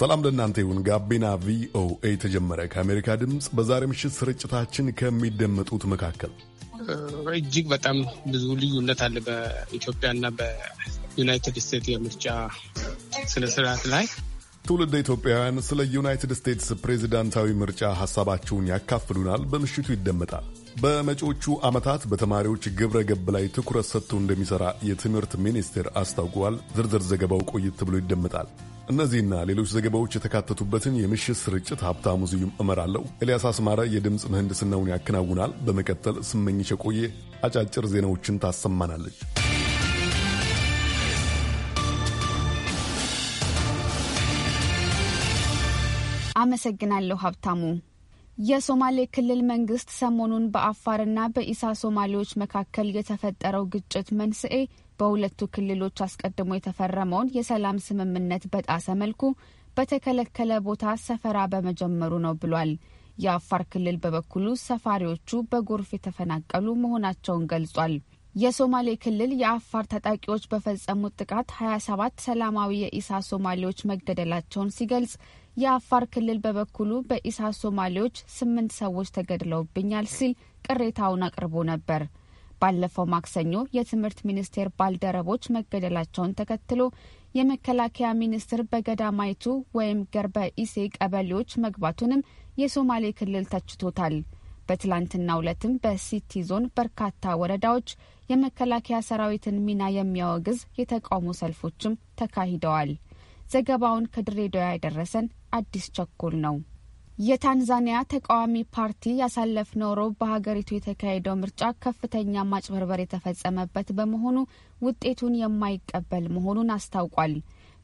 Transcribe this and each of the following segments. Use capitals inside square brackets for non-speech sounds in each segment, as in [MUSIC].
ሰላም ለእናንተ ይሁን። ጋቢና ቪኦኤ ተጀመረ። ከአሜሪካ ድምፅ በዛሬ ምሽት ስርጭታችን ከሚደመጡት መካከል እጅግ በጣም ብዙ ልዩነት አለ በኢትዮጵያና በዩናይትድ ስቴትስ የምርጫ ስነስርዓት ላይ። ትውልደ ኢትዮጵያውያን ስለ ዩናይትድ ስቴትስ ፕሬዚዳንታዊ ምርጫ ሀሳባቸውን ያካፍሉናል። በምሽቱ ይደመጣል። በመጪዎቹ ዓመታት በተማሪዎች ግብረ ገብ ላይ ትኩረት ሰጥቶ እንደሚሠራ የትምህርት ሚኒስቴር አስታውቋል። ዝርዝር ዘገባው ቆየት ብሎ ይደመጣል። እነዚህና ሌሎች ዘገባዎች የተካተቱበትን የምሽት ስርጭት ሀብታሙ ዝዩም እመራለሁ። ኤልያስ አስማረ የድምፅ ምህንድስናውን ያከናውናል። በመቀጠል ስመኝሽ የቆየ አጫጭር ዜናዎችን ታሰማናለች። አመሰግናለሁ ሀብታሙ። የሶማሌ ክልል መንግስት ሰሞኑን በአፋርና በኢሳ ሶማሌዎች መካከል የተፈጠረው ግጭት መንስኤ በሁለቱ ክልሎች አስቀድሞ የተፈረመውን የሰላም ስምምነት በጣሰ መልኩ በተከለከለ ቦታ ሰፈራ በመጀመሩ ነው ብሏል። የአፋር ክልል በበኩሉ ሰፋሪዎቹ በጎርፍ የተፈናቀሉ መሆናቸውን ገልጿል። የሶማሌ ክልል የአፋር ታጣቂዎች በፈጸሙት ጥቃት 27 ሰላማዊ የኢሳ ሶማሌዎች መገደላቸውን ሲገልጽ የአፋር ክልል በበኩሉ በኢሳ ሶማሌዎች ስምንት ሰዎች ተገድለውብኛል ሲል ቅሬታውን አቅርቦ ነበር። ባለፈው ማክሰኞ የትምህርት ሚኒስቴር ባልደረቦች መገደላቸውን ተከትሎ የመከላከያ ሚኒስትር በገዳማይቱ ወይም ገርበ ኢሴ ቀበሌዎች መግባቱንም የሶማሌ ክልል ተችቶታል። በትላንትናው ዕለትም በሲቲ ዞን በርካታ ወረዳዎች የመከላከያ ሰራዊትን ሚና የሚያወግዝ የተቃውሞ ሰልፎችም ተካሂደዋል። ዘገባውን ከድሬዳዋ ያደረሰን አዲስ ቸኮል ነው። የታንዛኒያ ተቃዋሚ ፓርቲ ያሳለፍነው ሮብ በሀገሪቱ የተካሄደው ምርጫ ከፍተኛ ማጭበርበር የተፈጸመበት በመሆኑ ውጤቱን የማይቀበል መሆኑን አስታውቋል።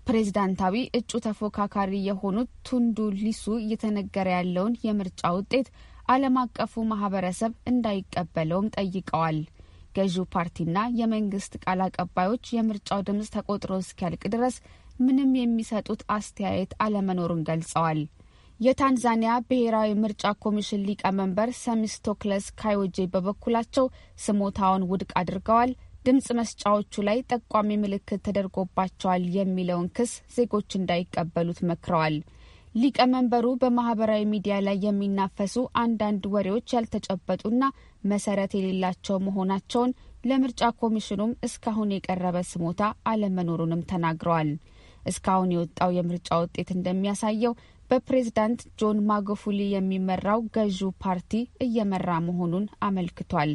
ፕሬዝዳንታዊ እጩ ተፎካካሪ የሆኑት ቱንዱ ሊሱ እየተነገረ ያለውን የምርጫ ውጤት ዓለም አቀፉ ማህበረሰብ እንዳይቀበለውም ጠይቀዋል። ገዢው ፓርቲና የመንግስት ቃል አቀባዮች የምርጫው ድምፅ ተቆጥሮ እስኪያልቅ ድረስ ምንም የሚሰጡት አስተያየት አለመኖሩን ገልጸዋል። የታንዛኒያ ብሔራዊ ምርጫ ኮሚሽን ሊቀመንበር ሰሚስቶክለስ ካዮጄ በበኩላቸው ስሞታውን ውድቅ አድርገዋል። ድምፅ መስጫዎቹ ላይ ጠቋሚ ምልክት ተደርጎባቸዋል የሚለውን ክስ ዜጎች እንዳይቀበሉት መክረዋል። ሊቀመንበሩ በማህበራዊ ሚዲያ ላይ የሚናፈሱ አንዳንድ ወሬዎች ያልተጨበጡና መሰረት የሌላቸው መሆናቸውን ለምርጫ ኮሚሽኑም እስካሁን የቀረበ ስሞታ አለመኖሩንም ተናግረዋል። እስካሁን የወጣው የምርጫ ውጤት እንደሚያሳየው በፕሬዝዳንት ጆን ማጎፉሊ የሚመራው ገዢው ፓርቲ እየመራ መሆኑን አመልክቷል።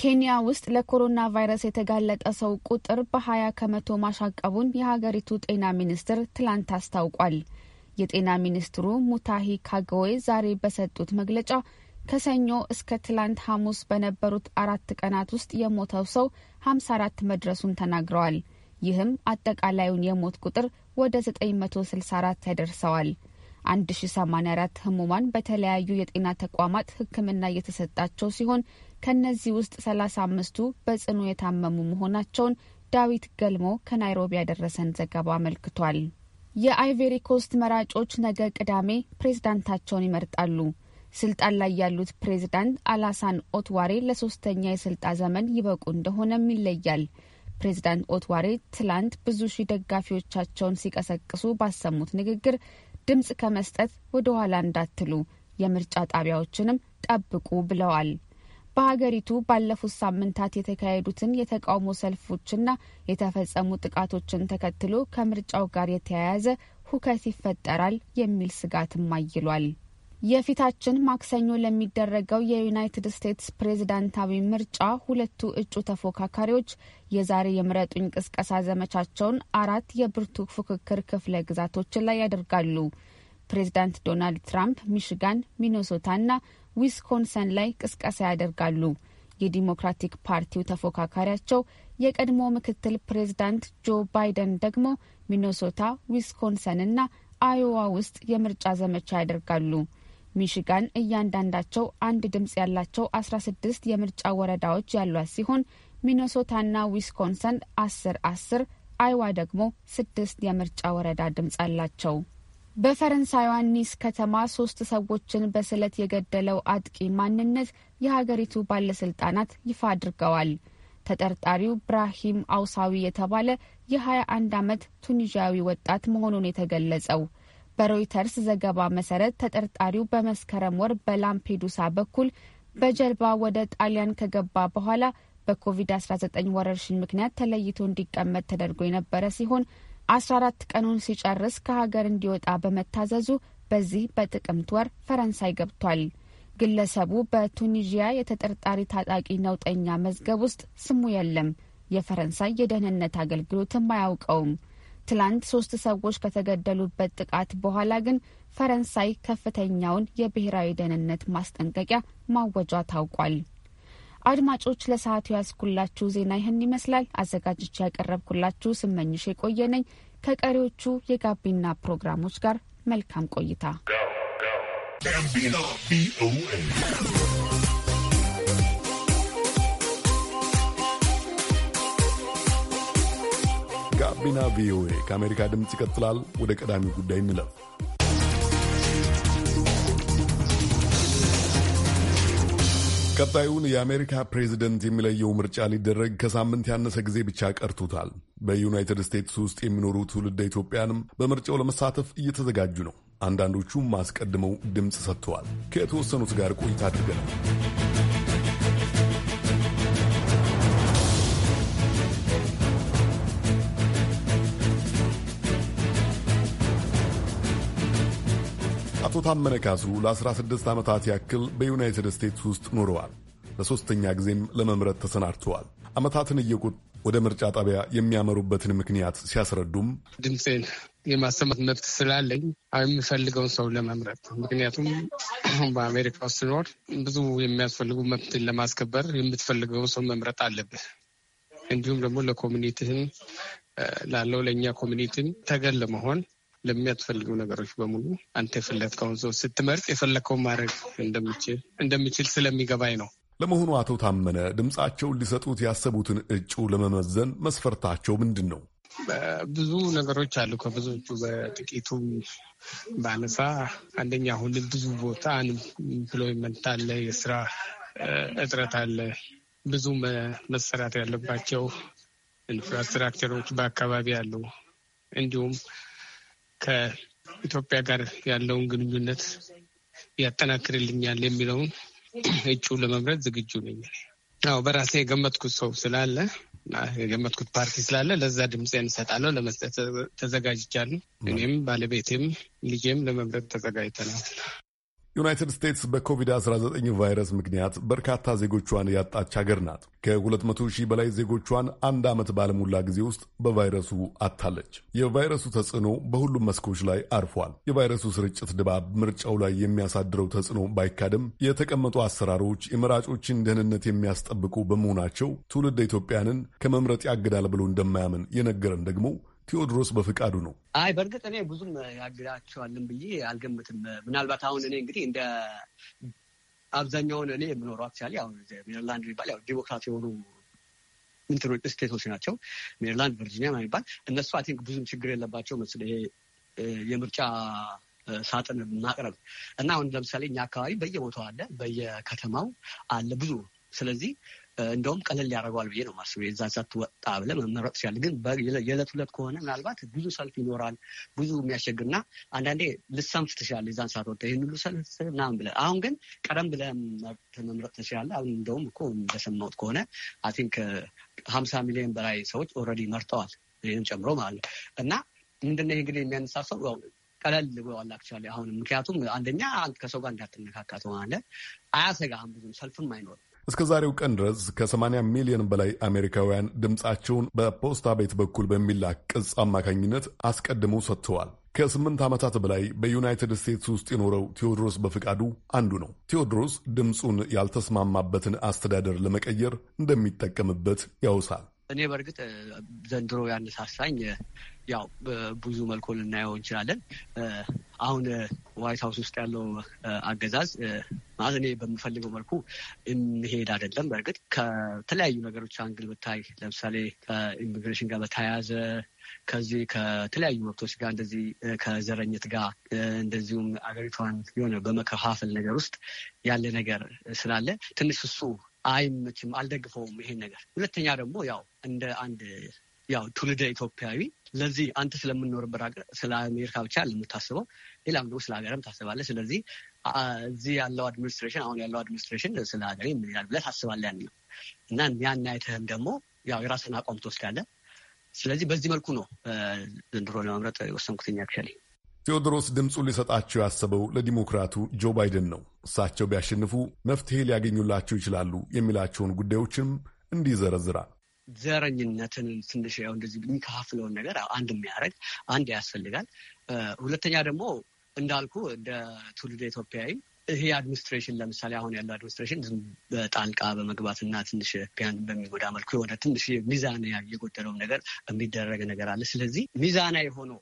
ኬንያ ውስጥ ለኮሮና ቫይረስ የተጋለጠ ሰው ቁጥር በ20 ከመቶ ማሻቀቡን የሀገሪቱ ጤና ሚኒስትር ትላንት አስታውቋል። የጤና ሚኒስትሩ ሙታሂ ካገዌ ዛሬ በሰጡት መግለጫ ከሰኞ እስከ ትላንት ሐሙስ በነበሩት አራት ቀናት ውስጥ የሞተው ሰው 54 መድረሱን ተናግረዋል። ይህም አጠቃላዩን የሞት ቁጥር ወደ 964 ያደርሰዋል። 1084 ህሙማን በተለያዩ የጤና ተቋማት ሕክምና እየተሰጣቸው ሲሆን ከእነዚህ ውስጥ 35ቱ በጽኑ የታመሙ መሆናቸውን ዳዊት ገልሞ ከናይሮቢ ያደረሰን ዘገባ አመልክቷል። የአይቬሪ ኮስት መራጮች ነገ ቅዳሜ ፕሬዝዳንታቸውን ይመርጣሉ። ስልጣን ላይ ያሉት ፕሬዝዳንት አላሳን ኦትዋሬ ለሶስተኛ የስልጣን ዘመን ይበቁ እንደሆነም ይለያል። ፕሬዚዳንት ኦትዋሬ ትላንት ብዙ ሺህ ደጋፊዎቻቸውን ሲቀሰቅሱ ባሰሙት ንግግር ድምፅ ከመስጠት ወደ ኋላ እንዳትሉ፣ የምርጫ ጣቢያዎችንም ጠብቁ ብለዋል። በሀገሪቱ ባለፉት ሳምንታት የተካሄዱትን የተቃውሞ ሰልፎችና የተፈጸሙ ጥቃቶችን ተከትሎ ከምርጫው ጋር የተያያዘ ሁከት ይፈጠራል የሚል ስጋትም አይሏል። የፊታችን ማክሰኞ ለሚደረገው የዩናይትድ ስቴትስ ፕሬዝዳንታዊ ምርጫ ሁለቱ እጩ ተፎካካሪዎች የዛሬ የምረጡኝ ቅስቀሳ ዘመቻቸውን አራት የብርቱ ፉክክር ክፍለ ግዛቶችን ላይ ያደርጋሉ። ፕሬዝዳንት ዶናልድ ትራምፕ ሚሽጋን፣ እና ዊስኮንሰን ላይ ቅስቀሳ ያደርጋሉ። የዲሞክራቲክ ፓርቲው ተፎካካሪያቸው የቀድሞ ምክትል ፕሬዝዳንት ጆ ባይደን ደግሞ ሚኔሶታ፣ እና አዮዋ ውስጥ የምርጫ ዘመቻ ያደርጋሉ። ሚሽጋን እያንዳንዳቸው አንድ ድምጽ ያላቸው አስራ የምርጫ ወረዳዎች ያሏት ሲሆን ሚኔሶታና ዊስኮንሰን አስር አስር አይዋ ደግሞ ስድስት የምርጫ ወረዳ ድምፅ አላቸው። በፈረንሳይዋ ኒስ ከተማ ሶስት ሰዎችን በስለት የገደለው አጥቂ ማንነት የሀገሪቱ ባለስልጣናት ይፋ አድርገዋል። ተጠርጣሪው ብራሂም አውሳዊ የተባለ የ21 ዓመት ቱኒዥያዊ ወጣት መሆኑን የተገለጸው በሮይተርስ ዘገባ መሰረት ተጠርጣሪው በመስከረም ወር በላምፔዱሳ በኩል በጀልባ ወደ ጣሊያን ከገባ በኋላ በኮቪድ-19 ወረርሽኝ ምክንያት ተለይቶ እንዲቀመጥ ተደርጎ የነበረ ሲሆን 14 ቀኑን ሲጨርስ ከሀገር እንዲወጣ በመታዘዙ በዚህ በጥቅምት ወር ፈረንሳይ ገብቷል። ግለሰቡ በቱኒዥያ የተጠርጣሪ ታጣቂ ነውጠኛ መዝገብ ውስጥ ስሙ የለም። የፈረንሳይ የደህንነት አገልግሎትም አያውቀውም። ትላንት ሶስት ሰዎች ከተገደሉበት ጥቃት በኋላ ግን ፈረንሳይ ከፍተኛውን የብሔራዊ ደህንነት ማስጠንቀቂያ ማወጇ ታውቋል። አድማጮች ለሰዓቱ ያስኩላችሁ ዜና ይህን ይመስላል። አዘጋጅቼ ያቀረብኩላችሁ ስመኝሽ የቆየ ነኝ። ከቀሪዎቹ የጋቢና ፕሮግራሞች ጋር መልካም ቆይታ። ጋቢና ቪኦኤ ከአሜሪካ ድምፅ ይቀጥላል። ወደ ቀዳሚው ጉዳይ እንለፍ። ቀጣዩን የአሜሪካ ፕሬዚደንት የሚለየው ምርጫ ሊደረግ ከሳምንት ያነሰ ጊዜ ብቻ ቀርቶታል። በዩናይትድ ስቴትስ ውስጥ የሚኖሩ ትውልደ ኢትዮጵያንም በምርጫው ለመሳተፍ እየተዘጋጁ ነው። አንዳንዶቹም አስቀድመው ድምፅ ሰጥተዋል። ከተወሰኑት ጋር ቆይታ አድርገናል። አቶ ታመነ ካሱ ለ16 ዓመታት ያክል በዩናይትድ ስቴትስ ውስጥ ኖረዋል። ለሦስተኛ ጊዜም ለመምረጥ ተሰናድተዋል። ዓመታትን እየቁጥ ወደ ምርጫ ጣቢያ የሚያመሩበትን ምክንያት ሲያስረዱም ድምፄን የማሰማት መብት ስላለኝ የምፈልገውን ሰው ለመምረጥ ምክንያቱም በአሜሪካ ውስጥ ኖር ብዙ የሚያስፈልጉ መብትን ለማስከበር የምትፈልገውን ሰው መምረጥ አለብህ። እንዲሁም ደግሞ ለኮሚኒቲህን ላለው ለእኛ ኮሚኒቲን ተገን ለመሆን ለሚያስፈልጉ ነገሮች በሙሉ አንተ የፈለግከውን ሰው ስትመርጥ የፈለግከውን ማድረግ እንደሚችል እንደሚችል ስለሚገባኝ ነው። ለመሆኑ አቶ ታመነ ድምፃቸውን ሊሰጡት ያሰቡትን እጩ ለመመዘን መስፈርታቸው ምንድን ነው? ብዙ ነገሮች አሉ። ከብዙዎቹ በጥቂቱ ባነሳ አንደኛ አሁንም ብዙ ቦታ ኢምፕሎይመንት አለ፣ የስራ እጥረት አለ። ብዙ መሰራት ያለባቸው ኢንፍራስትራክቸሮች በአካባቢ አሉ። እንዲሁም ከኢትዮጵያ ጋር ያለውን ግንኙነት ያጠናክርልኛል የሚለውን እጩ ለመምረጥ ዝግጁ ነኝ። አዎ በራሴ የገመትኩት ሰው ስላለ የገመትኩት ፓርቲ ስላለ ለዛ ድምፅ እሰጣለሁ። ለመስጠት ተዘጋጅቻለሁ። እኔም ባለቤቴም ልጄም ለመምረጥ ተዘጋጅተናል። ዩናይትድ ስቴትስ በኮቪድ-19 ቫይረስ ምክንያት በርካታ ዜጎቿን ያጣች ሀገር ናት። ከ200 ሺህ በላይ ዜጎቿን አንድ ዓመት ባለሞላ ጊዜ ውስጥ በቫይረሱ አታለች። የቫይረሱ ተጽዕኖ በሁሉም መስኮች ላይ አርፏል። የቫይረሱ ስርጭት ድባብ ምርጫው ላይ የሚያሳድረው ተጽዕኖ ባይካድም የተቀመጡ አሰራሮች የመራጮችን ደህንነት የሚያስጠብቁ በመሆናቸው ትውልድ ኢትዮጵያንን ከመምረጥ ያግዳል ብሎ እንደማያምን የነገረን ደግሞ ቴዎድሮስ በፈቃዱ ነው። አይ በእርግጥ እኔ ብዙም ያግዳቸዋልን ብዬ አልገምትም። ምናልባት አሁን እኔ እንግዲህ እንደ አብዛኛውን እኔ የምኖረው አክቹዋሊ አሁን ሜሪላንድ የሚባል ያው ዲሞክራት የሆኑ እንትኖች ስቴቶች ናቸው። ሜሪላንድ፣ ቨርጂኒያ የሚባል እነሱ አይ ቲንክ ብዙም ችግር የለባቸው መሰለኝ ይሄ የምርጫ ሳጥን ማቅረብ እና አሁን ለምሳሌ እኛ አካባቢ በየቦታው አለ፣ በየከተማው አለ ብዙ ስለዚህ እንደውም ቀለል ያደርገዋል ብዬ ነው ማስበው። የዛ ሰት ወጣ ብለ መመረጥ ሲያል ግን የዕለት ሁለት ከሆነ ምናልባት ብዙ ሰልፍ ይኖራል። ብዙ የሚያስቸግርና አንዳንዴ ልሰንፍ ትችላለህ። የዛን ሰዓት ወጣ ይህን ሁሉ ሰልፍ ምናምን ብለህ አሁን ግን ቀደም ብለህ መምረጥ ትችላለህ። አሁን እንደውም እኮ እንደሰማሁት ከሆነ አይ ቲንክ ሀምሳ ሚሊዮን በላይ ሰዎች ኦልሬዲ መርጠዋል። ይህን ጨምሮ ማለት ነው። እና ምንድነው ይህ እንግዲህ የሚያነሳሰው ቀለል ብለዋል አክቹዋሊ አሁን ምክንያቱም አንደኛ ከሰው ጋር እንዳትነካካ ትሆናለህ። አያሰጋህም ብዙም ሰልፍም አይኖርም እስከ ዛሬው ቀን ድረስ ከ80 ሚሊዮን በላይ አሜሪካውያን ድምፃቸውን በፖስታ ቤት በኩል በሚላክ ቅጽ አማካኝነት አስቀድመው ሰጥተዋል። ከስምንት ዓመታት በላይ በዩናይትድ ስቴትስ ውስጥ የኖረው ቴዎድሮስ በፍቃዱ አንዱ ነው። ቴዎድሮስ ድምፁን ያልተስማማበትን አስተዳደር ለመቀየር እንደሚጠቀምበት ያውሳል። እኔ በእርግጥ ዘንድሮ ያነሳሳኝ ያው ብዙ መልኩ ልናየው እንችላለን። አሁን ዋይት ሀውስ ውስጥ ያለው አገዛዝ ማለት እኔ በምፈልገው መልኩ የሚሄድ አይደለም። በእርግጥ ከተለያዩ ነገሮች አንግል ብታይ ለምሳሌ ከኢሚግሬሽን ጋር በተያያዘ ከዚህ ከተለያዩ መብቶች ጋር እንደዚህ ከዘረኝት ጋር እንደዚሁም አገሪቷን የሆነ በመከፋፈል ነገር ውስጥ ያለ ነገር ስላለ ትንሽ እሱ አይመችም፣ አልደግፈውም ይሄን ነገር። ሁለተኛ ደግሞ ያው እንደ አንድ ያው ትውልደ ኢትዮጵያዊ ለዚህ አንተ ስለምንኖርበት ሀገር ስለ አሜሪካ ብቻ ለምታስበው ሌላም ደግሞ ስለ ሀገርም ታስባለህ። ስለዚህ እዚህ ያለው አድሚኒስትሬሽን አሁን ያለው አድሚኒስትሬሽን ስለ ሀገር ምን ይላል ብለህ ታስባለህ ያን ነው እና ያን አይተህም ደግሞ ያው የራስህን አቋም ትወስዳለህ። ስለዚህ በዚህ መልኩ ነው ዘንድሮ ለመምረጥ የወሰንኩትኛ ክሸሌ ቴዎድሮስ ድምፁን ሊሰጣቸው ያሰበው ለዲሞክራቱ ጆ ባይደን ነው። እሳቸው ቢያሸንፉ መፍትሄ ሊያገኙላቸው ይችላሉ የሚላቸውን ጉዳዮችም እንዲህ ይዘረዝራል። ዘረኝነትን ትንሽ ያው እንደዚህ የሚከፋፍለውን ነገር አንድ የሚያደርግ አንድ ያስፈልጋል። ሁለተኛ ደግሞ እንዳልኩ እንደ ትውልደ ኢትዮጵያዊ ይሄ አድሚኒስትሬሽን ለምሳሌ አሁን ያለው አድሚኒስትሬሽን በጣልቃ በመግባትና ትንሽ ያን በሚጎዳ መልኩ የሆነ ትንሽ ሚዛን የጎደለውም ነገር የሚደረግ ነገር አለ። ስለዚህ ሚዛና የሆነው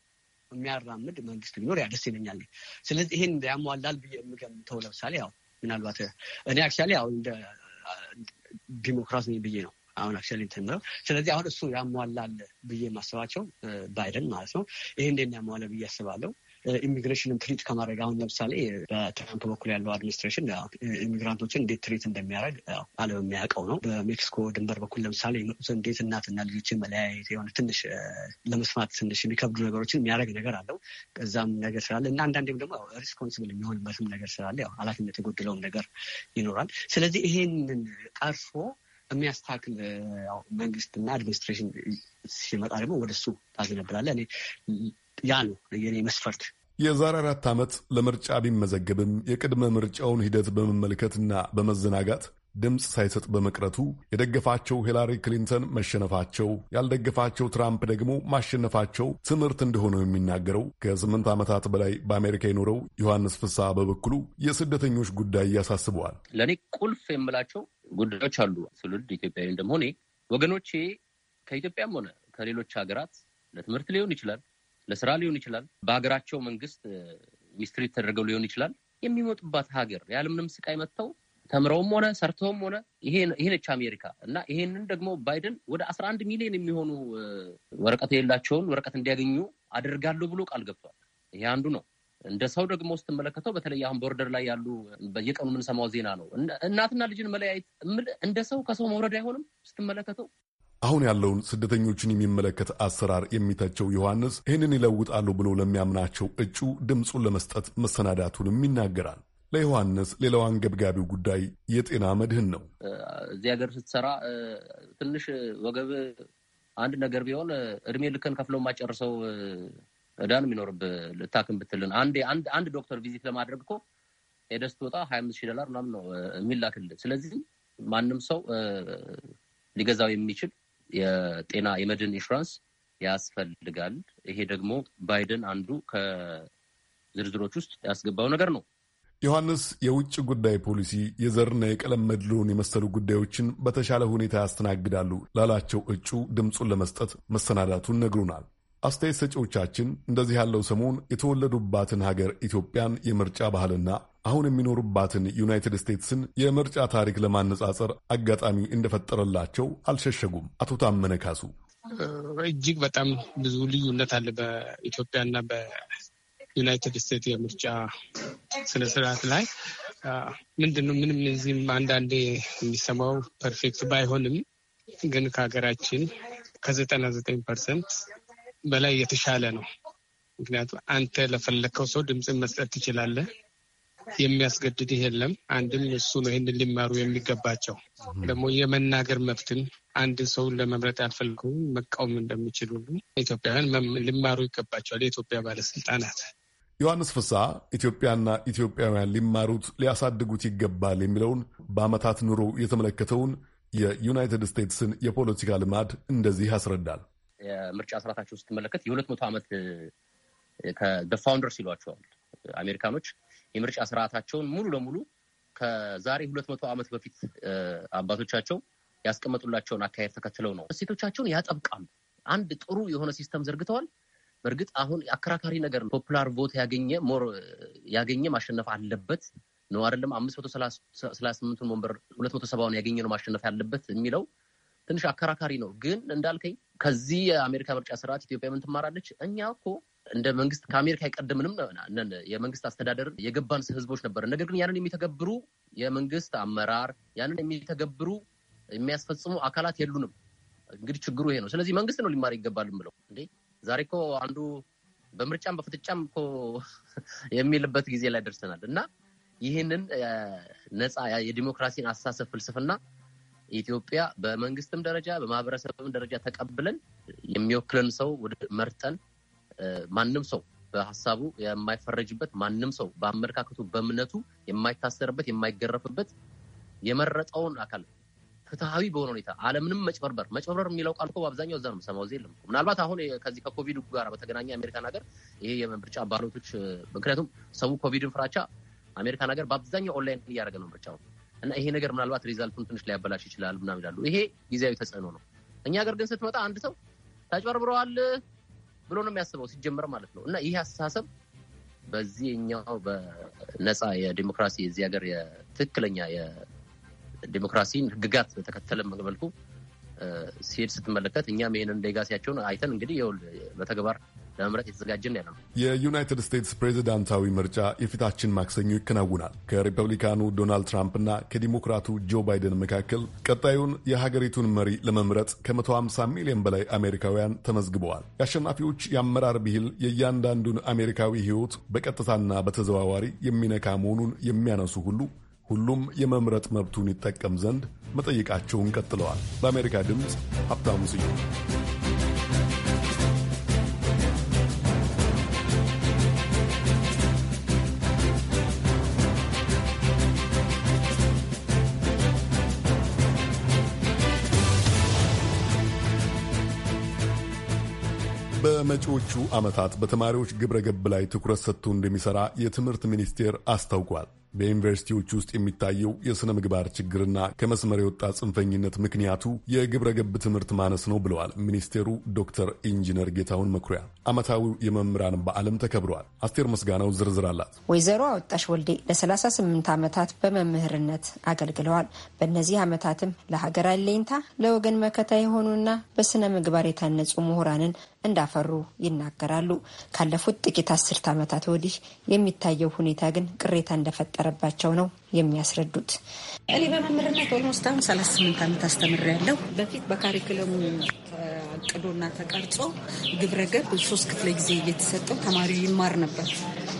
የሚያራምድ መንግስት ቢኖር ያደስ ይለኛል። ስለዚህ ይሄን ያሟላል ብዬ የምገምተው ለምሳሌ ያው ምናልባት እኔ አክቹዋሊ ያው እንደ ዲሞክራሲ ብዬ ነው አሁን አክቹዋሊ እንትን ስለዚህ አሁን እሱ ያሟላል ብዬ የማስባቸው ባይደን ማለት ነው። ይህ እንደ ያሟላ ብዬ አስባለሁ። ኢሚግሬሽንን ትሪት ከማድረግ አሁን ለምሳሌ በትራምፕ በኩል ያለው አድሚኒስትሬሽን ኢሚግራንቶችን እንዴት ትሪት እንደሚያደርግ ዓለም የሚያውቀው ነው። በሜክሲኮ ድንበር በኩል ለምሳሌ እንዴት እናትና ልጆችን መለያየት የሆነ ትንሽ ለመስማት ትንሽ የሚከብዱ ነገሮችን የሚያደርግ ነገር አለው። ከዛም ነገር ስላለ እና አንዳንዴም ደግሞ ሪስፖንስብል የሚሆንበትም ነገር ስላለ ያው ኃላፊነት የጎደለውም ነገር ይኖራል። ስለዚህ ይሄንን ቀርፎ የሚያስተካክል መንግስትና አድሚኒስትሬሽን ሲመጣ ደግሞ ወደሱ ታዝነብላለ እኔ ያ ነው የኔ መስፈርት። የዛሬ አራት ዓመት ለምርጫ ቢመዘገብም የቅድመ ምርጫውን ሂደት በመመልከትና በመዘናጋት ድምፅ ሳይሰጥ በመቅረቱ የደገፋቸው ሂላሪ ክሊንተን መሸነፋቸው፣ ያልደገፋቸው ትራምፕ ደግሞ ማሸነፋቸው ትምህርት እንደሆነው የሚናገረው ከስምንት ዓመታት በላይ በአሜሪካ የኖረው ዮሐንስ ፍስሐ በበኩሉ የስደተኞች ጉዳይ ያሳስበዋል። ለእኔ ቁልፍ የምላቸው ጉዳዮች አሉ። ትውልድ ኢትዮጵያዊ እንደመሆኔ ወገኖቼ ከኢትዮጵያም ሆነ ከሌሎች ሀገራት ለትምህርት ሊሆን ይችላል ለስራ ሊሆን ይችላል፣ በሀገራቸው መንግስት ሚስትሪት ተደርገው ሊሆን ይችላል። የሚመጡባት ሀገር ያለምንም ስቃይ መጥተው ተምረውም ሆነ ሰርተውም ሆነ ይሄነች አሜሪካ እና ይሄንን ደግሞ ባይደን ወደ አስራ አንድ ሚሊዮን የሚሆኑ ወረቀት የሌላቸውን ወረቀት እንዲያገኙ አደርጋለሁ ብሎ ቃል ገብቷል። ይሄ አንዱ ነው። እንደ ሰው ደግሞ ስትመለከተው በተለይ አሁን ቦርደር ላይ ያሉ በየቀኑ የምንሰማው ዜና ነው። እናትና ልጅን መለያየት እንደ ሰው ከሰው መውረድ አይሆንም ስትመለከተው አሁን ያለውን ስደተኞችን የሚመለከት አሰራር የሚተቸው ዮሐንስ ይህንን ይለውጣሉ ብሎ ለሚያምናቸው እጩ ድምፁን ለመስጠት መሰናዳቱንም ይናገራል። ለዮሐንስ ሌላው አንገብጋቢው ጉዳይ የጤና መድህን ነው። እዚህ ሀገር ስትሰራ ትንሽ ወገብ አንድ ነገር ቢሆን እድሜ ልክን ከፍለው የማጨርሰው እዳን ነው የሚኖርብህ። ልታክም ብትልን አንድ ዶክተር ቪዚት ለማድረግ እኮ ሄደህ ስትወጣ ሀያ አምስት ሺህ ዶላር ምናምን ነው የሚላክልህ። ስለዚህ ማንም ሰው ሊገዛው የሚችል የጤና የመድን ኢንሹራንስ ያስፈልጋል። ይሄ ደግሞ ባይደን አንዱ ከዝርዝሮች ውስጥ ያስገባው ነገር ነው። ዮሐንስ የውጭ ጉዳይ ፖሊሲ የዘርና የቀለም መድሎን የመሰሉ ጉዳዮችን በተሻለ ሁኔታ ያስተናግዳሉ ላላቸው እጩ ድምፁን ለመስጠት መሰናዳቱን ነግሩናል። አስተያየት ሰጪዎቻችን እንደዚህ ያለው ሰሞን የተወለዱባትን ሀገር ኢትዮጵያን የምርጫ ባህልና አሁን የሚኖሩባትን ዩናይትድ ስቴትስን የምርጫ ታሪክ ለማነጻጸር አጋጣሚ እንደፈጠረላቸው አልሸሸጉም። አቶ ታመነ ካሱ እጅግ በጣም ብዙ ልዩነት አለ በኢትዮጵያና በዩናይትድ ስቴትስ የምርጫ ስነስርዓት ላይ ምንድነው ምንም እዚህም አንዳንዴ የሚሰማው ፐርፌክት ባይሆንም ግን ከሀገራችን ከዘጠና ዘጠኝ ፐርሰንት በላይ የተሻለ ነው። ምክንያቱም አንተ ለፈለግከው ሰው ድምፅን መስጠት ትችላለህ። የሚያስገድድ የለም። አንድም እሱ ነው ይህን ሊማሩ የሚገባቸው። ደግሞ የመናገር መብትን አንድ ሰውን ለመምረጥ ያልፈልጉ መቃወም እንደሚችሉ ሁሉ ኢትዮጵያውያን ሊማሩ ይገባቸዋል። የኢትዮጵያ ባለስልጣናት ዮሐንስ ፍሳ ኢትዮጵያና ኢትዮጵያውያን ሊማሩት ሊያሳድጉት ይገባል የሚለውን በአመታት ኑሮ የተመለከተውን የዩናይትድ ስቴትስን የፖለቲካ ልማድ እንደዚህ ያስረዳል። የምርጫ ስርዓታቸው ስትመለከት የሁለት መቶ ዓመት ከፋውንደርስ ይሏቸዋል አሜሪካኖች የምርጫ ስርዓታቸውን ሙሉ ለሙሉ ከዛሬ ሁለት መቶ ዓመት በፊት አባቶቻቸው ያስቀመጡላቸውን አካሄድ ተከትለው ነው። እሴቶቻቸውን ያጠብቃም አንድ ጥሩ የሆነ ሲስተም ዘርግተዋል። በእርግጥ አሁን አከራካሪ ነገር ነው። ፖፑላር ቮት ያገኘ ሞር ያገኘ ማሸነፍ አለበት ነው አይደለም? አምስት መቶ ሰላሳ ስምንቱን ወንበር ሁለት መቶ ሰባውን ያገኘ ነው ማሸነፍ ያለበት የሚለው ትንሽ አከራካሪ ነው። ግን እንዳልከኝ ከዚህ የአሜሪካ ምርጫ ስርዓት ኢትዮጵያ ምን ትማራለች? እኛ እኮ እንደ መንግስት ከአሜሪካ አይቀድምንም ነን። የመንግስት አስተዳደር የገባን ህዝቦች ነበር። ነገር ግን ያንን የሚተገብሩ የመንግስት አመራር ያንን የሚተገብሩ የሚያስፈጽሙ አካላት የሉንም። እንግዲህ ችግሩ ይሄ ነው። ስለዚህ መንግስት ነው ሊማር ይገባል ብለው እንዴ ዛሬ እኮ አንዱ በምርጫም በፍጥጫም እኮ [LAUGHS] የሚልበት ጊዜ ላይ ደርሰናል እና ይህንን ነፃ የዲሞክራሲን አስተሳሰብ ፍልስፍና ኢትዮጵያ በመንግስትም ደረጃ በማህበረሰብም ደረጃ ተቀብለን የሚወክለን ሰው መርጠን ማንም ሰው በሀሳቡ የማይፈረጅበት ማንም ሰው በአመለካከቱ በእምነቱ የማይታሰርበት የማይገረፍበት የመረጠውን አካል ፍትሐዊ በሆነ ሁኔታ አለምንም መጭበርበር መጭበርበር የሚለው ቃል እኮ በአብዛኛው እዛ ነው የምሰማው። እዚህ የለም። ምናልባት አሁን ከዚህ ከኮቪድ ጋር በተገናኘ አሜሪካን ሀገር ይሄ የምርጫ ባሎቶች ምክንያቱም ሰው ኮቪድን ፍራቻ አሜሪካን ሀገር በአብዛኛው ኦንላይን እያደረገ ነው ምርጫው እና ይሄ ነገር ምናልባት ሪዛልቱን ትንሽ ሊያበላሽ ይችላል ምናምን ይላሉ። ይሄ ጊዜያዊ ተጽዕኖ ነው። እኛ ሀገር ግን ስትመጣ አንድ ሰው ተጭበርብረዋል ብሎ ነው የሚያስበው ሲጀመር ማለት ነው። እና ይህ አስተሳሰብ በዚህኛው በነፃ የዲሞክራሲ የዚህ ሀገር የትክክለኛ የዲሞክራሲን ህግጋት በተከተለ መልኩ ሲሄድ ስትመለከት እኛም ይህንን ሌጋሲያቸውን አይተን እንግዲህ በተግባር ለመምረጥ የተዘጋጀን ያለ ነው። የዩናይትድ ስቴትስ ፕሬዚዳንታዊ ምርጫ የፊታችን ማክሰኞ ይከናውናል። ከሪፐብሊካኑ ዶናልድ ትራምፕና ከዲሞክራቱ ጆ ባይደን መካከል ቀጣዩን የሀገሪቱን መሪ ለመምረጥ ከ150 ሚሊዮን በላይ አሜሪካውያን ተመዝግበዋል። የአሸናፊዎች የአመራር ብሂል የእያንዳንዱን አሜሪካዊ ሕይወት በቀጥታና በተዘዋዋሪ የሚነካ መሆኑን የሚያነሱ ሁሉ ሁሉም የመምረጥ መብቱን ይጠቀም ዘንድ መጠየቃቸውን ቀጥለዋል። ለአሜሪካ ድምፅ ሀብታሙ ስዩም በመጪዎቹ ዓመታት በተማሪዎች ግብረ ገብ ላይ ትኩረት ሰጥቶ እንደሚሠራ የትምህርት ሚኒስቴር አስታውቋል። በዩኒቨርሲቲዎች ውስጥ የሚታየው የሥነ ምግባር ችግርና ከመስመር የወጣ ጽንፈኝነት ምክንያቱ የግብረ ገብ ትምህርት ማነስ ነው ብለዋል ሚኒስቴሩ ዶክተር ኢንጂነር ጌታሁን መኩሪያ። ዓመታዊው የመምህራን በዓለም ተከብረዋል። አስቴር መስጋናው ዝርዝር አላት። ወይዘሮ አወጣሽ ወልዴ ለ38 ዓመታት በመምህርነት አገልግለዋል። በእነዚህ ዓመታትም ለሀገር አለኝታ ለወገን መከታ የሆኑና በሥነ ምግባር የታነጹ ምሁራንን እንዳፈሩ ይናገራሉ። ካለፉት ጥቂት አስርት ዓመታት ወዲህ የሚታየው ሁኔታ ግን ቅሬታ እንደፈጠረባቸው ነው የሚያስረዱት። እኔ በመምህርነት ኦልሞስት አሁን ሰላሳ ስምንት ዓመት አስተምሬያለሁ። በፊት በካሪክለሙ ቅዶና ተቀርጾ ግብረገብ ሶስት ክፍለ ጊዜ እየተሰጠው ተማሪው ይማር ነበር።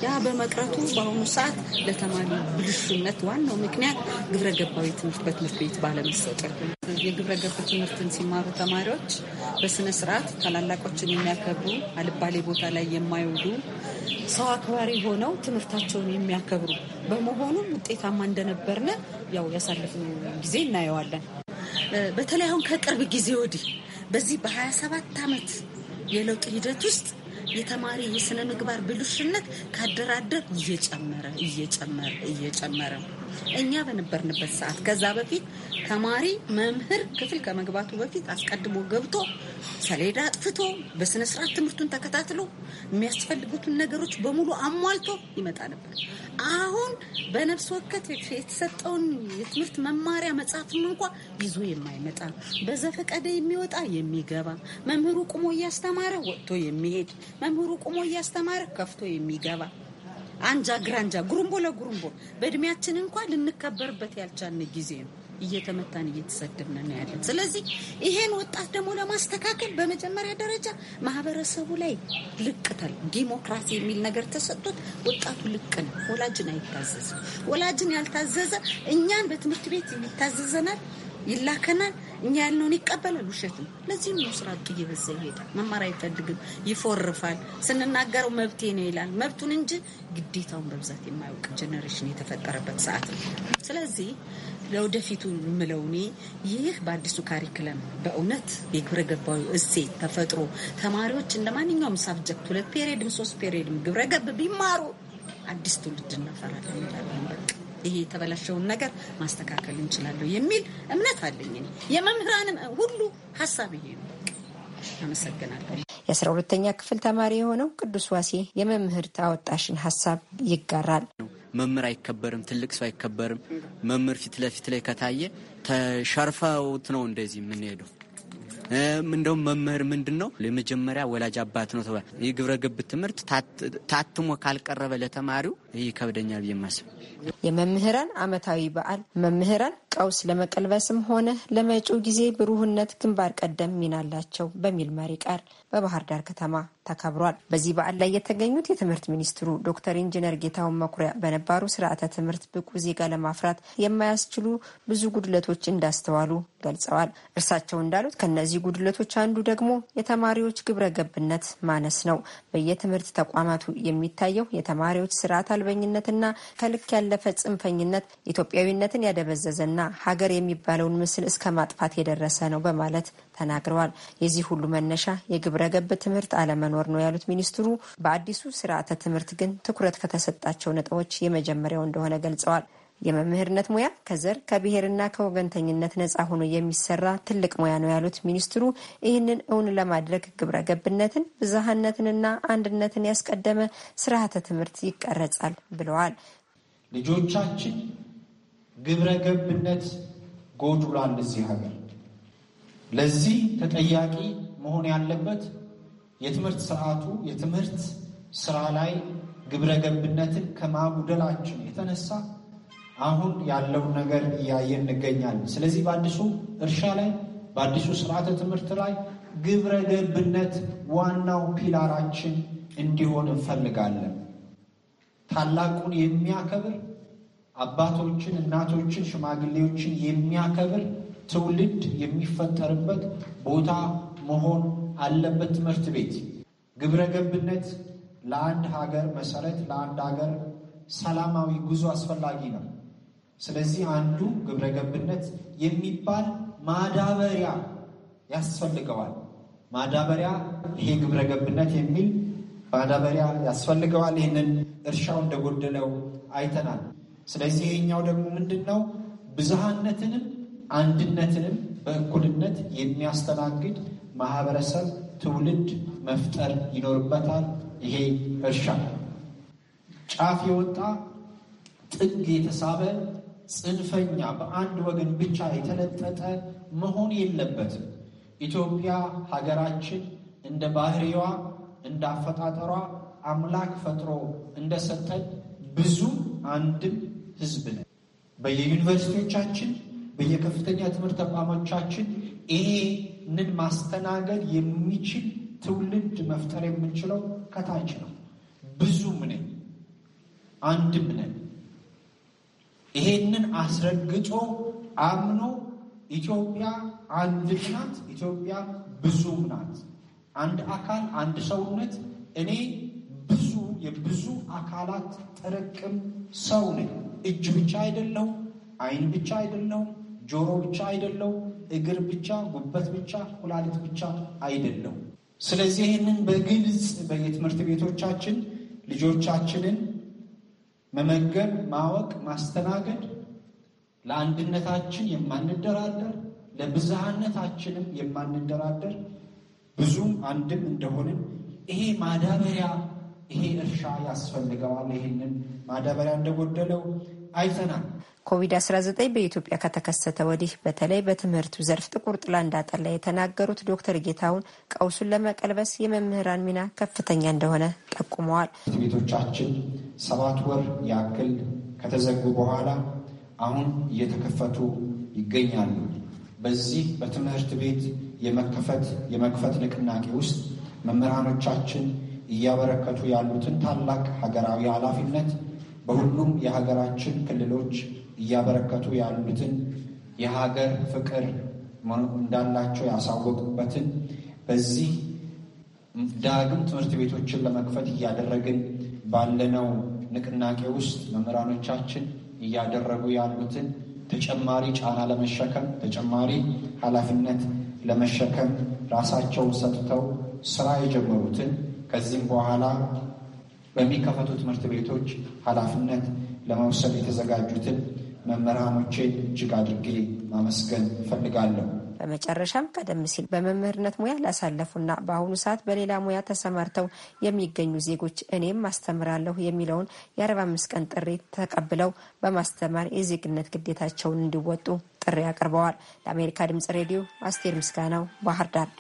ያ በመቅረቱ በአሁኑ ሰዓት ለተማሪ ብልሹነት ዋናው ምክንያት ግብረገባዊ ትምህርት በትምህርት ቤት ባለመሰጠቱ የግብረገብ ትምህርትን ሲማሩ ተማሪዎች በስነ ስርዓት ታላላቆችን የሚያከብሩ አልባሌ ቦታ ላይ የማይውሉ ሰው አክባሪ ሆነው ትምህርታቸውን የሚያከብሩ በመሆኑም ውጤታማ እንደነበርነ ያው ያሳለፍነው ጊዜ እናየዋለን። በተለይ አሁን ከቅርብ ጊዜ ወዲህ በዚህ በ27 ዓመት የለውጥ ሂደት ውስጥ የተማሪ የስነ ምግባር ብልሽነት ካደራደር እየጨመረ እየጨመረ እየጨመረ ነው። እኛ በነበርንበት ሰዓት ከዛ በፊት ተማሪ መምህር ክፍል ከመግባቱ በፊት አስቀድሞ ገብቶ ሰሌዳ አጥፍቶ በስነስርዓት ትምህርቱን ተከታትሎ የሚያስፈልጉትን ነገሮች በሙሉ አሟልቶ ይመጣ ነበር። አሁን በነፍስ ወከት የተሰጠውን የትምህርት መማሪያ መጽሐፍም እንኳ ይዞ የማይመጣ በዘፈቀደ የሚወጣ የሚገባ መምህሩ ቁሞ እያስተማረ ወጥቶ የሚሄድ መምህሩ ቁሞ እያስተማረ ከፍቶ የሚገባ አንጃ ግራንጃ ጉሩምቦ ለጉሩምቦ በእድሜያችን እንኳን ልንከበርበት ያልቻልን ጊዜ ነው። እየተመታን እየተሰደብን ነው ያለን። ስለዚህ ይሄን ወጣት ደግሞ ለማስተካከል በመጀመሪያ ደረጃ ማህበረሰቡ ላይ ልቅተል ዲሞክራሲ የሚል ነገር ተሰጥቶት ወጣቱ ልቅ ነው። ወላጅን አይታዘዝም። ወላጅን ያልታዘዘ እኛን በትምህርት ቤት ይታዘዘናል ይላከናል፣ እኛ ያልነውን ይቀበላል። ውሸት ነው። ለዚህም ነው ስራ አጡ እየበዛ ይሄዳል። መማር አይፈልግም፣ ይፎርፋል። ስንናገረው መብቴ ነው ይላል። መብቱን እንጂ ግዴታውን በብዛት የማያውቅ ጀኔሬሽን የተፈጠረበት ሰዓት ነው። ስለዚህ ለወደፊቱ የምለው እኔ ይህ በአዲሱ ካሪክለም በእውነት የግብረ ገባዊ እሴት ተፈጥሮ ተማሪዎች እንደ ማንኛውም ሳብጀክት ሁለት ፔሪድም ሶስት ፔሪድም ግብረ ገብ ቢማሩ አዲስ ትውልድ እናፈራለን። በቃ ይሄ የተበላሸውን ነገር ማስተካከል እንችላለሁ የሚል እምነት አለኝ። የመምህራንም ሁሉ ሀሳብ ይሄ ነው። አመሰግናለሁ። የአስራ ሁለተኛ ክፍል ተማሪ የሆነው ቅዱስ ዋሴ የመምህር አወጣሽን ሀሳብ ይጋራል። መምህር አይከበርም፣ ትልቅ ሰው አይከበርም። መምህር ፊት ለፊት ላይ ከታየ ተሸርፈውት ነው እንደዚህ የምንሄደው። እንደውም መምህር ምንድን ነው የመጀመሪያ ወላጅ አባት ነው ተባለ። የግብረ ግብ ትምህርት ታትሞ ካልቀረበ ለተማሪው ይከብደኛል ብዬ ማስብ። የመምህራን ዓመታዊ በዓል መምህራን ቀውስ ለመቀልበስም ሆነ ለመጪው ጊዜ ብሩህነት ግንባር ቀደም ሚናላቸው በሚል መሪ ቃል በባህር ዳር ከተማ ተከብሯል። በዚህ በዓል ላይ የተገኙት የትምህርት ሚኒስትሩ ዶክተር ኢንጂነር ጌታሁን መኩሪያ በነባሩ ስርዓተ ትምህርት ብቁ ዜጋ ለማፍራት የማያስችሉ ብዙ ጉድለቶች እንዳስተዋሉ ገልጸዋል። እርሳቸው እንዳሉት ከእነዚህ ጉድለቶች አንዱ ደግሞ የተማሪዎች ግብረ ገብነት ማነስ ነው። በየትምህርት ተቋማቱ የሚታየው የተማሪዎች ስርዓት አልበኝነትና ከልክ ያለፈ ጽንፈኝነት ኢትዮጵያዊነትን ያደበዘዘና ሀገር የሚባለውን ምስል እስከ ማጥፋት የደረሰ ነው በማለት ተናግረዋል። የዚህ ሁሉ መነሻ የግብረ ገብ ትምህርት አለመኖር ነው ያሉት ሚኒስትሩ በአዲሱ ስርዓተ ትምህርት ግን ትኩረት ከተሰጣቸው ነጥቦች የመጀመሪያው እንደሆነ ገልጸዋል። የመምህርነት ሙያ ከዘር ከብሔርና ከወገንተኝነት ነጻ ሆኖ የሚሰራ ትልቅ ሙያ ነው ያሉት ሚኒስትሩ ይህንን እውን ለማድረግ ግብረ ገብነትን፣ ብዝሃነትንና አንድነትን ያስቀደመ ስርዓተ ትምህርት ይቀረጻል ብለዋል። ልጆቻችን ግብረ ገብነት ጎድሏል እዚህ ሀገር። ለዚህ ተጠያቂ መሆን ያለበት የትምህርት ስርዓቱ የትምህርት ስራ ላይ ግብረ ገብነትን ከማጉደላችን የተነሳ አሁን ያለውን ነገር እያየን እንገኛለን። ስለዚህ በአዲሱ እርሻ ላይ በአዲሱ ስርዓተ ትምህርት ላይ ግብረ ገብነት ዋናው ፒላራችን እንዲሆን እንፈልጋለን። ታላቁን የሚያከብር አባቶችን፣ እናቶችን፣ ሽማግሌዎችን የሚያከብር ትውልድ የሚፈጠርበት ቦታ መሆን አለበት ትምህርት ቤት። ግብረ ገብነት ለአንድ ሀገር መሰረት፣ ለአንድ ሀገር ሰላማዊ ጉዞ አስፈላጊ ነው። ስለዚህ አንዱ ግብረ ገብነት የሚባል ማዳበሪያ ያስፈልገዋል። ማዳበሪያ ይሄ ግብረ ገብነት የሚል ማዳበሪያ ያስፈልገዋል። ይህንን እርሻው እንደጎደለው አይተናል። ስለዚህ ይሄኛው ደግሞ ምንድን ነው? ብዝሃነትንም አንድነትንም በእኩልነት የሚያስተናግድ ማህበረሰብ ትውልድ መፍጠር ይኖርበታል። ይሄ እርሻ ጫፍ የወጣ ጥግ የተሳበ ጽንፈኛ በአንድ ወገን ብቻ የተለጠጠ መሆን የለበትም። ኢትዮጵያ ሀገራችን እንደ ባህሪዋ እንደ አፈጣጠሯ አምላክ ፈጥሮ እንደሰጠን ብዙ አንድም ህዝብ ነን። በየዩኒቨርሲቲዎቻችን በየከፍተኛ ትምህርት ተቋሞቻችን ይሄንን ማስተናገድ የሚችል ትውልድ መፍጠር የምንችለው ከታች ነው። ብዙም ነን፣ አንድም ነን። ይሄንን አስረግጦ አምኖ ኢትዮጵያ አንድ ናት፣ ኢትዮጵያ ብዙም ናት፣ አንድ አካል፣ አንድ ሰውነት፣ እኔ ብዙ የብዙ አካላት ጥርቅም ሰው ነኝ። እጅ ብቻ አይደለው፣ አይን ብቻ አይደለው፣ ጆሮ ብቻ አይደለው፣ እግር ብቻ፣ ጉበት ብቻ፣ ኩላሊት ብቻ አይደለው። ስለዚህ ይህንን በግልጽ በየትምህርት ቤቶቻችን ልጆቻችንን መመገብ፣ ማወቅ፣ ማስተናገድ ለአንድነታችን የማንደራደር ለብዝሃነታችንም የማንደራደር ብዙም አንድም እንደሆንን ይሄ ማዳበሪያ ይሄ እርሻ ያስፈልገዋል። ይህንን ማዳበሪያ እንደጎደለው አይተናል። ኮቪድ-19 በኢትዮጵያ ከተከሰተ ወዲህ በተለይ በትምህርቱ ዘርፍ ጥቁር ጥላ እንዳጠላ የተናገሩት ዶክተር ጌታሁን ቀውሱን ለመቀልበስ የመምህራን ሚና ከፍተኛ እንደሆነ ጠቁመዋል። ቤቶቻችን ሰባት ወር ያክል ከተዘጉ በኋላ አሁን እየተከፈቱ ይገኛሉ። በዚህ በትምህርት ቤት የመከፈት የመክፈት ንቅናቄ ውስጥ መምህራኖቻችን እያበረከቱ ያሉትን ታላቅ ሀገራዊ ኃላፊነት በሁሉም የሀገራችን ክልሎች እያበረከቱ ያሉትን የሀገር ፍቅር እንዳላቸው ያሳወቁበትን በዚህ ዳግም ትምህርት ቤቶችን ለመክፈት እያደረግን ባለነው ንቅናቄ ውስጥ መምህራኖቻችን እያደረጉ ያሉትን ተጨማሪ ጫና ለመሸከም ተጨማሪ ኃላፊነት ለመሸከም ራሳቸውን ሰጥተው ስራ የጀመሩትን ከዚህም በኋላ በሚከፈቱ ትምህርት ቤቶች ኃላፊነት ለመውሰድ የተዘጋጁትን መምህራኖቼን እጅግ አድርጌ ማመስገን እፈልጋለሁ። በመጨረሻም ቀደም ሲል በመምህርነት ሙያ ላሳለፉና በአሁኑ ሰዓት በሌላ ሙያ ተሰማርተው የሚገኙ ዜጎች እኔም አስተምራለሁ የሚለውን የአርባ አምስት ቀን ጥሪ ተቀብለው በማስተማር የዜግነት ግዴታቸውን እንዲወጡ ጥሪ አቅርበዋል። ለአሜሪካ ድምጽ ሬዲዮ አስቴር ምስጋናው ባህር ዳር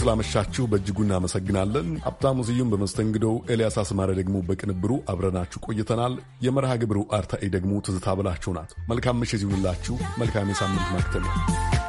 ስላመሻችሁ በእጅጉ እናመሰግናለን። ሀብታሙ ስዩም በመስተንግዶው፣ ኤልያስ አስማረ ደግሞ በቅንብሩ አብረናችሁ ቆይተናል። የመርሃ ግብሩ አርታኢ ደግሞ ትዝታ ብላችሁ ናት። መልካም ምሽት ይሁንላችሁ። መልካም የሳምንት ማክተል